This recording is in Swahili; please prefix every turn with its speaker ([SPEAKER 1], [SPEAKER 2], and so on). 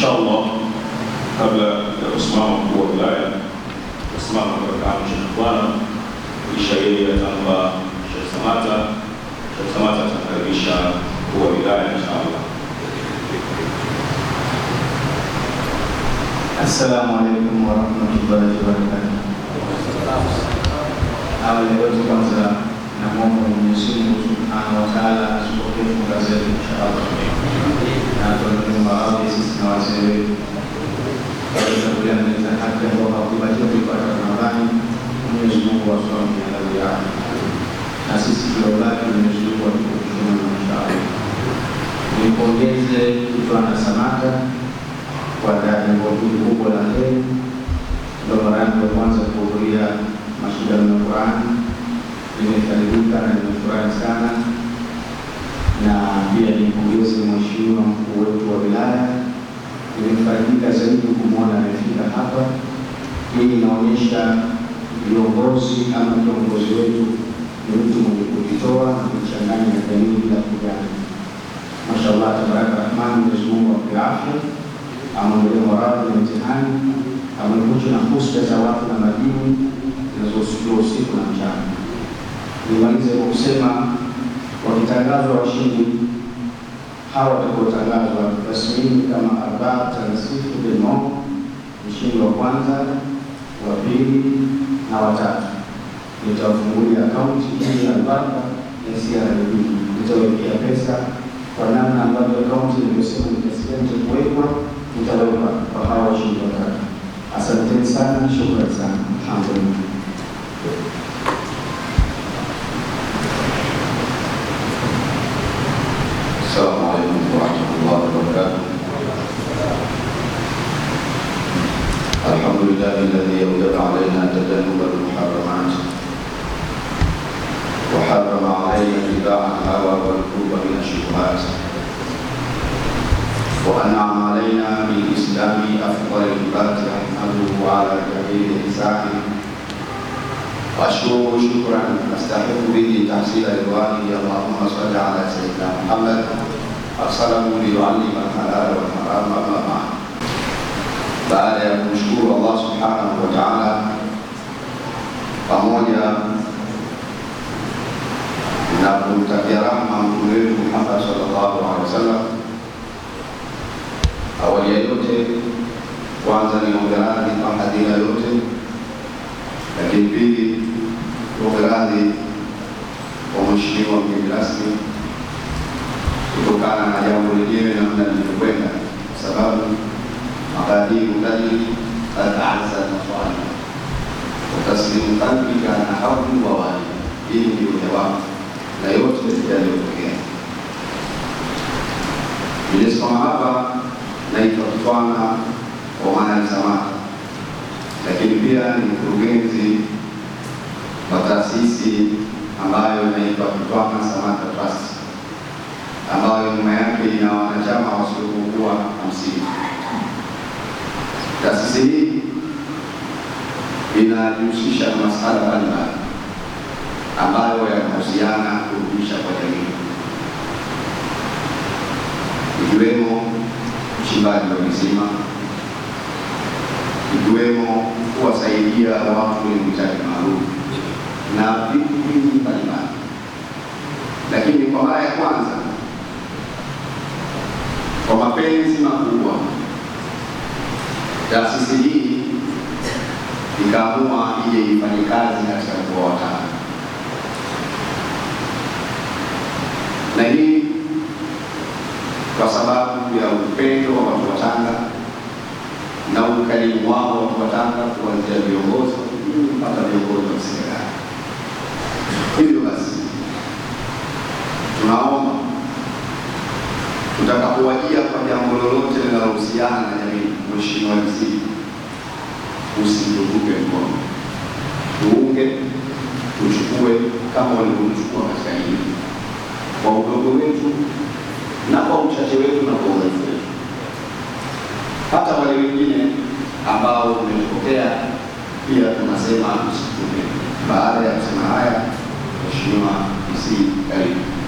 [SPEAKER 1] شاء الله قبل أسماء والولاية الله وكعب شيخ إخوانا إشارية تنبى شيخ سماتة شيخ سماتة تنبيشا هو ولاية إن شاء الله
[SPEAKER 2] السلام عليكم ورحمة الله وبركاته. yao, na sisi tuliobaki tumeshukuru kwa kushukuru na mshahara. Nimpongeze Kitwana Samata kwa jambo hili kubwa la heri, ndio mara yangu ya kwanza kuhudhuria mashindano ya Qur'ani, nimekaribika na nimefurahi sana, na pia nimpongeze mheshimiwa mkuu wetu wa wilaya, nimefaidika zaidi kumwona amefika hapa. Hii inaonyesha viongozi ama kiongozi wetu ni mtu mwenye kujitoa kuchanganya na jamii bila kujali. Mashallah, tabaraka rahmani, Mwenyezi Mungu ampe afya, amwondolee maradhi na mtihani, amwepushe na fusha za watu na madini zinazosikiwa usiku na mchana. Nimalize kwa kusema wakitangazwa washindi hawa watakaotangazwa rasmini kama arbaa tanasifu beno mshindi wa kwanza wa pili na watatu nitawafungulia akaunti hii ya mpaka NCRB, nitawekea pesa kwa namna ambavyo akaunti niliyosema nitasianze kuwekwa, nitawekwa kwa hawa washindi watatu. Asanteni sana, shukrani sana, alhamdulillah.
[SPEAKER 3] بالله الذي أوجب علينا تجنب المحرمات وحرم علينا اتباع الهوى والقرب من الشبهات وأنعم علينا بالإسلام أفضل الفاتحة أحمده على كبير انسان وأشكره شكرا أستحق به تحصيل رضوانه اللهم صل على سيدنا محمد أرسله ليعلم الحلال والحرام أما بعد baada ya kumshukuru Allah subhanahu wa ta'ala, pamoja na kumtakia rahma mtume wetu Muhammad sallallahu alaihi wasallam. Awali ya yote, kwanza niombe radhi kwa hadhira yote, lakini pili niombe radhi kwa mheshimiwa mgeni rasmi kutokana na jambo lenyewe namna lilivyokwenda, sababu وبادئ كلمي قد أحسن فعلا وتسليم قلبي كان حظ ووالي ili ndio jawabu na yote yaliyotokea. Nilisoma hapa na ikatufana kwa maana ya msamaha, lakini pia ni mkurugenzi wa ambayo inaitwa Kitwana Samata Trust ambayo nyuma yake ina wanachama wasiopungua hamsini. Taasisi hii inajihusisha na masuala mbalimbali ambayo yanahusiana kurudisha kwa jamii, ikiwemo uchimbaji wa visima, ikiwemo kuwasaidia watu wenye uhitaji maalum na Taasisi hii ikaamua ije ifanye kazi katika mkoa wa Tanga, na hii kwa sababu ya upendo wa watu wa Tanga na ukarimu wao watu wa Tanga kuanzia utakapowajia kwa jambo lolote linalohusiana na jamii, mheshimiwa DC, usiuvuke mkono, tuunge, tuchukue kama walivyochukua katika elimu, kwa udogo wetu na kwa uchache wetu na kwa uwezo wetu, hata wale wengine ambao umetokea pia tunasema tusitume. Baada ya kusema haya, mheshimiwa DC, karibu.